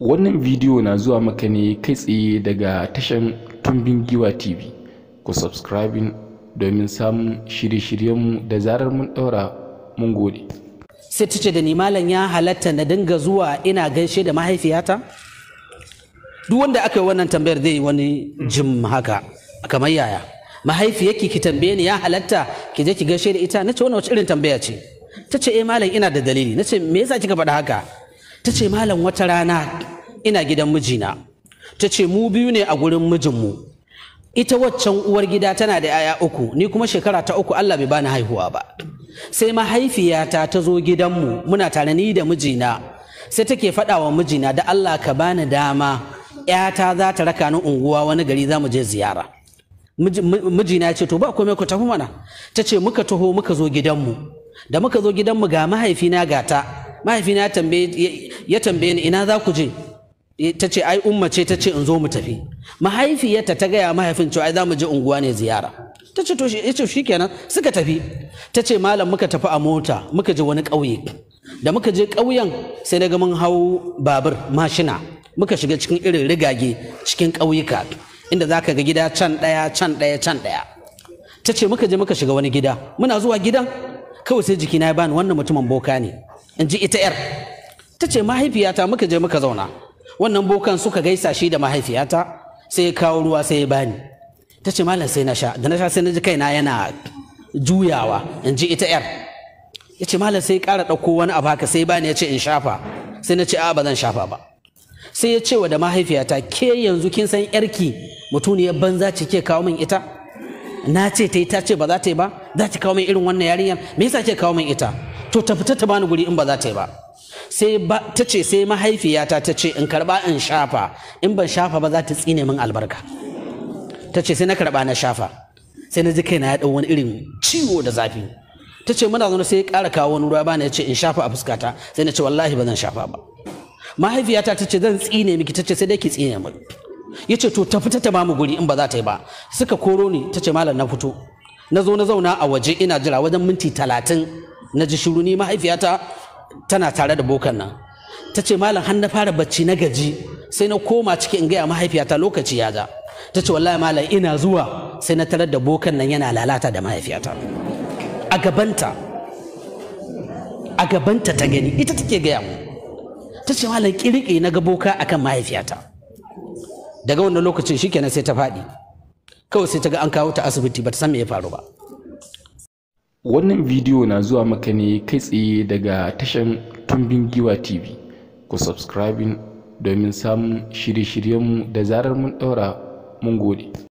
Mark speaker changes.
Speaker 1: Wannan bidiyo na zuwa maka ne kai tsaye daga tashan Tumbin Giwa TV. Ku subscribing domin samun shirye-shiryenmu da zarar mun ɗaura
Speaker 2: mun gode. Sai ta ce da ni malam ya halatta na dinga zuwa ina gaishe da mahaifiyata? Duk wanda aka yi wannan tambayar zai wani jim haka kamar yaya. Mahaifiyarki ki tambaye ni ya halatta ki je ki gaishe da ita? Na ce wannan wacce irin tambaya ce? Ta ce eh malam ina da dalili. Na ce me yasa kika faɗa haka? ta ce malam wata rana ina gidan mijina ta ce mu biyu ne a gurin mijinmu ita waccan uwar gida tana da 'ya'ya uku ni kuma shekara ta uku Allah bai bani haihuwa ba sai mahaifiyata ta zo gidanmu muna tare ni da mijina sai take faɗa wa mijina da Allah ka bani dama 'yata za ta raka ni unguwa wani gari za mu je ziyara mijina ya ce to ba komai ku tafi mana ta ce muka taho muka zo gidanmu da muka zo gidanmu ga mahaifina gata mahaifina ya tambaye ya tambaye ni ina za ku je eh, ta ce ai umma ce ta ce in zo mu tafi mahaifiyarta ta gaya mahaifin cewa ai za mu je unguwa ne ziyara ta ce to ya ce shikenan suka tafi ta ce malam muka tafi a mota muka je wani ƙauye da muka je ƙauyen sai daga mun hau babur mashina muka shiga cikin irin rigage cikin ƙauyuka inda za ka ga gida can ɗaya can ɗaya can ɗaya ta ce muka je muka shiga wani gida muna zuwa gidan kawai sai jikina ya bani wannan mutumin boka ne in ji ita 'yar ta ce mahaifiyata muka je muka zauna wannan bokan suka gaisa shi da mahaifiyata sai ya kawo ruwa sai ya bani ta ce malam sai na sha da na sha sai na ji kaina yana juyawa in ji ita yar ya ce malam sai ya ƙara ɗauko wani abu haka sai bani ya ce in shafa sai na ce a ba zan shafa ba sai ya ce wa da mahaifiyata ke yanzu kin san yarki mutuniyar banza ce ke kawo min ita na ce ta yi ta ce ba za ta yi ba za ta kawo min irin wannan yarinyar me yasa ke kawo min ita to ta fita ta bani guri in ba za ta yi ba sai ta ce sai mahaifiyata ta ce in karba in shafa in ban shafa ba za ta tsine min albarka ta ce sai na karba na shafa sai na ji kaina ya yaɗa wani irin ciwo da zafi ta ce muna zaune sai ya ƙara kawo wani ruwa bana ya ce in shafa a fuskata sai na ce wallahi ba zan shafa ba mahaifiyata ta ce zan tsine miki ta ce sai dai ki tsine min ya ce to ta fita ta mamu guri in ba za ta yi ba suka koro ni ta ce malam na fito na zo na zauna a waje ina jira wajen minti talatin na ji shiru ni mahaifiyata tana tare da bokan nan ta ce malam har na fara bacci na gaji sai na koma ciki in gaya mahaifiyata lokaci ya ja ta ce wallahi malam ina zuwa sai na tarar da bokan nan yana lalata da mahaifiyata a gabanta a gabanta ta gani ita take gaya mu ta ce malam kirki na ga boka akan mahaifiyata daga wannan lokacin shikenan sai ta faɗi kawai sai ta ga an kawo ta asibiti ba ta san me ya faru ba
Speaker 1: wannan bidiyo na zuwa maka ne kai tsaye daga tashan tumbin giwa tv ku subscribing domin samun shirye-shiryenmu da zarar mun daura mun gode